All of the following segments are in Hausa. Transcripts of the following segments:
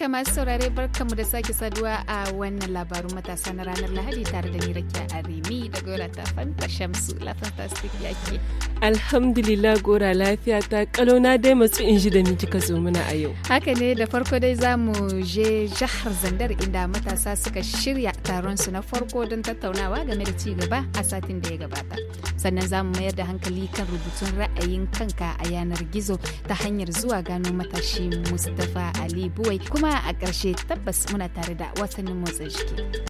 haka masu saurare barkamu da sake saduwa a wannan labarun matasa na ranar Lahadi tare da ni Rakiya Arimi da Gora ta Fanta Shamsu la fantastic yake. Alhamdulillah Gora lafiya ta kalo dai masu in ji da ni kika zo mana a yau. Haka ne da farko dai za mu je jihar Zandar inda matasa suka shirya taron su na farko don tattaunawa game da ci gaba a satin da ya gabata. Sannan za mu mayar da hankali kan rubutun ra'ayin kanka a yanar gizo ta hanyar zuwa gano matashi Mustapha Ali Buwai kuma kuma a ƙarshe tabbas muna tare da watannin motsa jiki.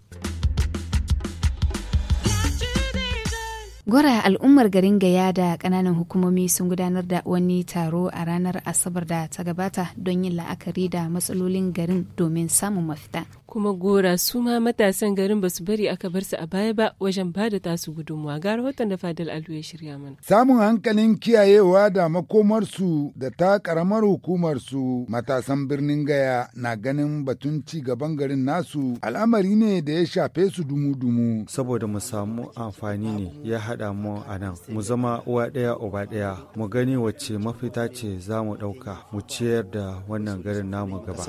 Gwara al'ummar garin Gaya da kananan hukumomi sun gudanar da wani taro a ranar Asabar da ta gabata don yin la'akari da matsalolin garin domin samun mafita. Kuma gora su ma matasan garin ba su bari aka bar su a baya ba wajen ba da tasu gudunmuwa ga rahoton da Fadil Alu ya shirya mana. Samun hankalin kiyayewa da makomarsu da ta karamar hukumarsu matasan birnin Gaya na ganin batun ci gaban garin nasu al'amari ne da ya shafe su dumu-dumu. Saboda mu samu amfani ne ya haɗa mu a nan mu zama uwa ɗaya uba ɗaya mu gani wacce mafita ce za mu ɗauka mu ciyar da wannan garin namu gaba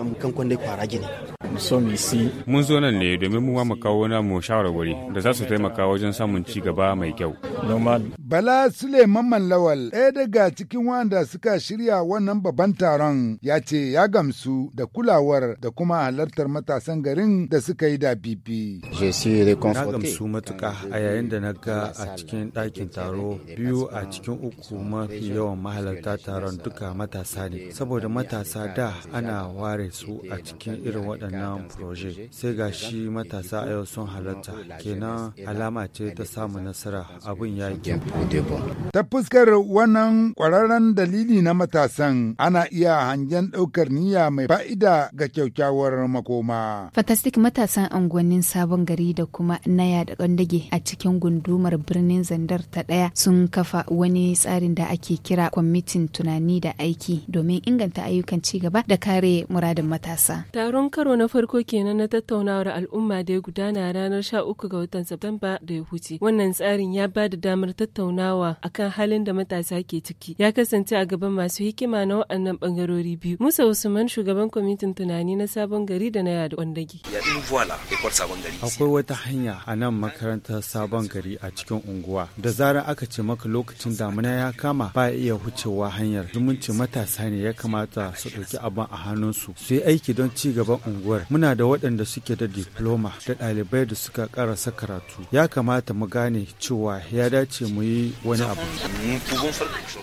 Mun zo nan ne domin mu mu kawo na mu shawarwari da za su taimaka wajen samun ci gaba mai kyau. Bala Suleiman Mallawal ɗaya daga cikin wanda suka shirya wannan babban taron ya ce ya gamsu da kulawar da kuma halartar matasan garin da suka yi da bibi. Na gamsu matuka a yayin da na ga a cikin ɗakin taro biyu a cikin uku mafi yawan mahalarta taron duka matasa ne saboda matasa da ana ware su a cikin irin waɗannan wannan proje sai ga shi matasa a yau sun halarta kenan alama ce ta samu nasara abin ya yi. ta fuskar wannan kwararren dalili na matasan ana iya hangen ɗaukar niyya mai fa'ida ga kyaukyawar makoma fantastic matasan unguwannin sabon gari da kuma naya da gandage a cikin gundumar birnin zandar ta ɗaya sun kafa wani tsarin da ake kira kwamitin tunani da aiki domin inganta ayyukan ci gaba da kare muradin matasa taron karo na farko kenan na tattaunawar al'umma da ya gudana ranar 13 ga watan Satumba da ya huce. Wannan tsarin ya ba da damar tattaunawa akan halin da matasa ke ciki. Ya kasance a gaban masu hikima na waɗannan bangarori biyu. Musa Usman shugaban kwamitin tunani na sabon gari da na yada wandagi. Akwai wata hanya a nan makarantar sabon gari a cikin unguwa. Da zarar aka ce maka lokacin damuna ya kama ba iya wucewa hanyar. Zumunci matasa ne ya kamata su ɗauki abin a hannunsu su yi aiki don ci gaban unguwa unguwar muna da waɗanda suke da diploma da ɗalibai da suka karasa karatu ya kamata mu gane cewa ya dace mu yi wani abu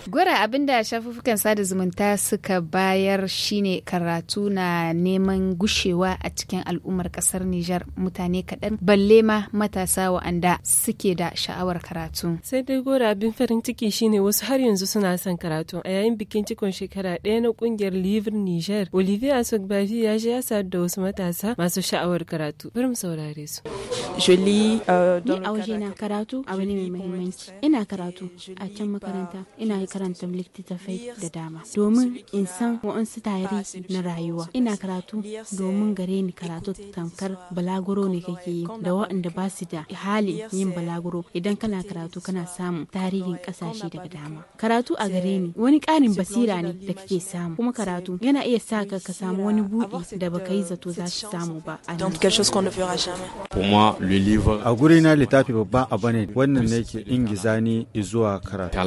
gwara abin da shafuffukan sada zumunta suka bayar shine karatu na neman gushewa a cikin al'ummar kasar nijar mutane kaɗan balle ma matasa wa'anda suke da sha'awar karatu sai dai gora abin farin ciki shine wasu har yanzu suna son karatu a yayin bikin cikon shekara ɗaya na ƙungiyar livre niger olivier asogbavi ya je ya sadu da wasu matasa masu sha'awar karatu. Bari mu saurare su. Euh, ni a na karatu abu ah ne mai mahimmanci. Ina karatu a can makaranta ina karanta littattafai da dama domin in san wa'ansu tarihi na rayuwa. Ina karatu domin gare ni karatu tamkar balaguro ne kake yi da wanda ba su da hali yin balaguro idan kana karatu kana samun tarihin kasashe daga dama. Karatu a gare ni wani ƙarin basira ne da kake samu kuma karatu yana iya sa ka samu wani buɗi da baka yi euh, zato za shi samu ba. a moi, le livre. A gurina littafi babban abu ne wannan ne ke ingiza ni zuwa karatu.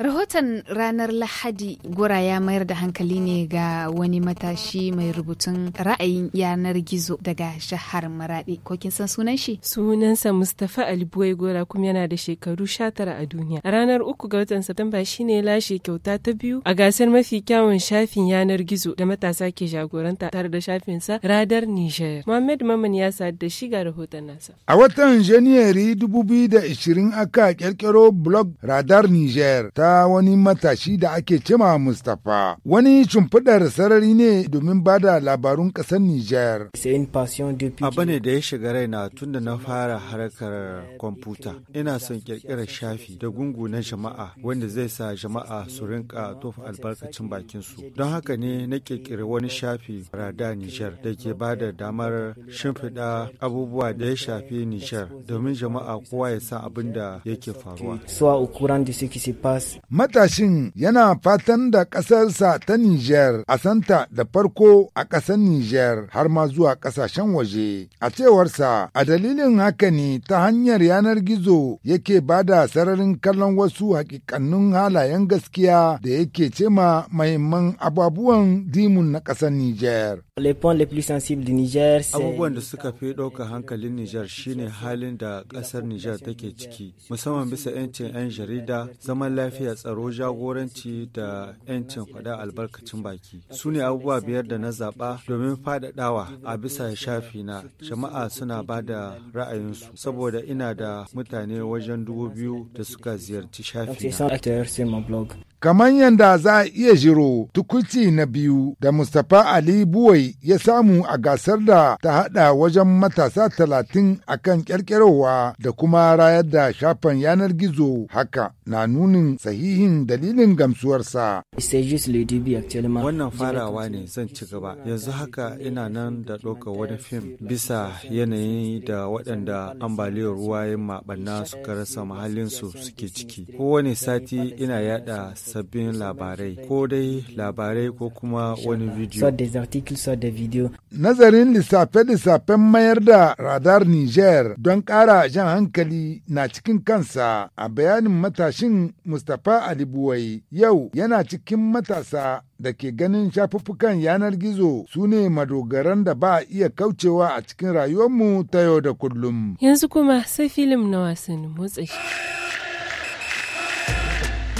Rahoton ranar Lahadi gora ya mayar da hankali ne ga wani matashi mai rubutun ra'ayin yanar gizo daga shahar Maraɗi. Ko kin san sunan shi? Sunansa Mustapha Alibuwai Gora kuma yana da shekaru 19 a duniya. Ranar uku ga watan Satumba shine lashe kyauta ta biyu a gasar mafi kyawun shafin yanar gizo da matasa ke jagoranta tare da shafin sa Radar Niger. Muhammad Maman ya sadu da shi ga rahoton nasa. A watan Janairu 2020 aka kirkiro blog Radar Niger ta ta wani matashi da ake cema Mustapha. Wani shimfiɗar sarari ne domin ba da labarun ƙasar Nijar. Abu ne da ya shiga raina tun da na fara harkar kwamfuta. Ina son ƙirƙirar shafi da gungu na jama'a wanda zai sa jama'a su rinka tofa albarkacin bakinsu. Don haka ne na ƙirƙiri wani shafi Rada Nijar da ke ba da damar shimfiɗa abubuwa da ya shafi Nijar domin jama'a kowa ya san abin da yake faruwa. Soit au courant de ce qui se passe Matashin yana fatan da ƙasarsa ta Nijar a santa da farko a ƙasar Nijar har ma zuwa ƙasashen waje. A cewarsa, a dalilin haka ne ta hanyar yanar gizo yake ba da sararin kallon wasu hakikannin halayen gaskiya da yake cema mahimman abubuwan dimun na ƙasar Nijar. Abubuwan da suka fi ɗauka hankalin Nijar shine halin da ƙasar Nijar take ciki, musamman bisa 'yancin 'yan jarida, zaman lafiya lafiya tsaro jagoranci da 'yancin faɗa albarkacin baki su ne abubuwa biyar da na zaɓa domin faɗaɗawa a bisa shafi na jama'a suna ba da ra'ayinsu saboda ina da mutane wajen dubu biyu da suka ziyarci shafi na kamar yadda za a iya jiro tukuci na biyu da Mustapha Ali Buwai ya samu a gasar da ta hada wajen matasa talatin a kan kyarkyarwa da kuma rayar da shafan yanar gizo haka na nunin sahihin dalilin gamsuwarsa. Wannan farawa ne zan ci gaba yanzu haka ina nan da ɗaukar wani fim bisa yanayi da waɗanda ambaliyar ruwa ya maɓanna suka rasa mahallinsu suke ciki. Kowane sati ina yada sabbin labarai ko dai labarai ko kuma wani video. Nazarin lissafe-lissafen mayar da radar Niger don ƙara jan hankali na cikin kansa a bayanin matashin Mustapha Ali Buwai yau yana cikin matasa da ke ganin shafuffukan yanar gizo su ne madogaran da ba iya kaucewa a cikin rayuwarmu ta yau da kullum. Yanzu kuma sai filim na wasan motsa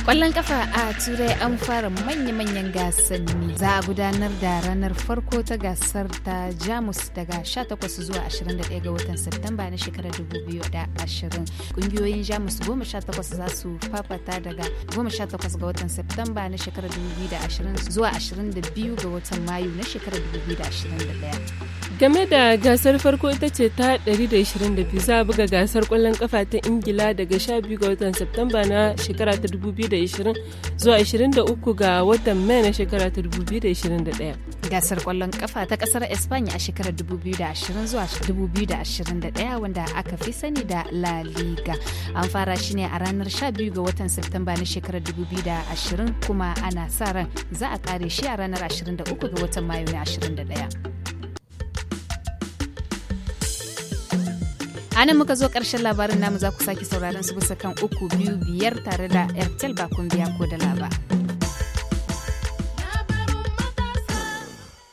Kwallon kafa a Turai an fara manya-manyan gasanni. Za a gudanar da ranar farko ta gasar ta Jamus daga 18 zuwa 21 ga watan Satumba na shekarar 2020. Kungiyoyin Jamus 18 za su fafata daga 18 ga watan Satumba na shekarar 2020 zuwa 22 ga watan Mayu na shekarar 2021. game da gasar farko ita ce ta 122 za a buga gasar kwallon kafa ta ingila daga 12 ga watan septamba na shekara ta 2020 zuwa 23 ga watan mai na shekara ta 2021. Gasar kwallon kafa ta kasar Espanya a shekarar 2020 zuwa 2021 wanda aka fi sani da La Liga. An fara shi ne a ranar 12 ga watan Septemba na shekarar 2020 kuma ana sa ran za a kare shi a ranar 23 ga watan Mayu na 21. a muka zo ƙarshen labarin namu za ku sake sauraron su bisa kan uku biyu biyar tare da airtel ba kun biya ko da laba.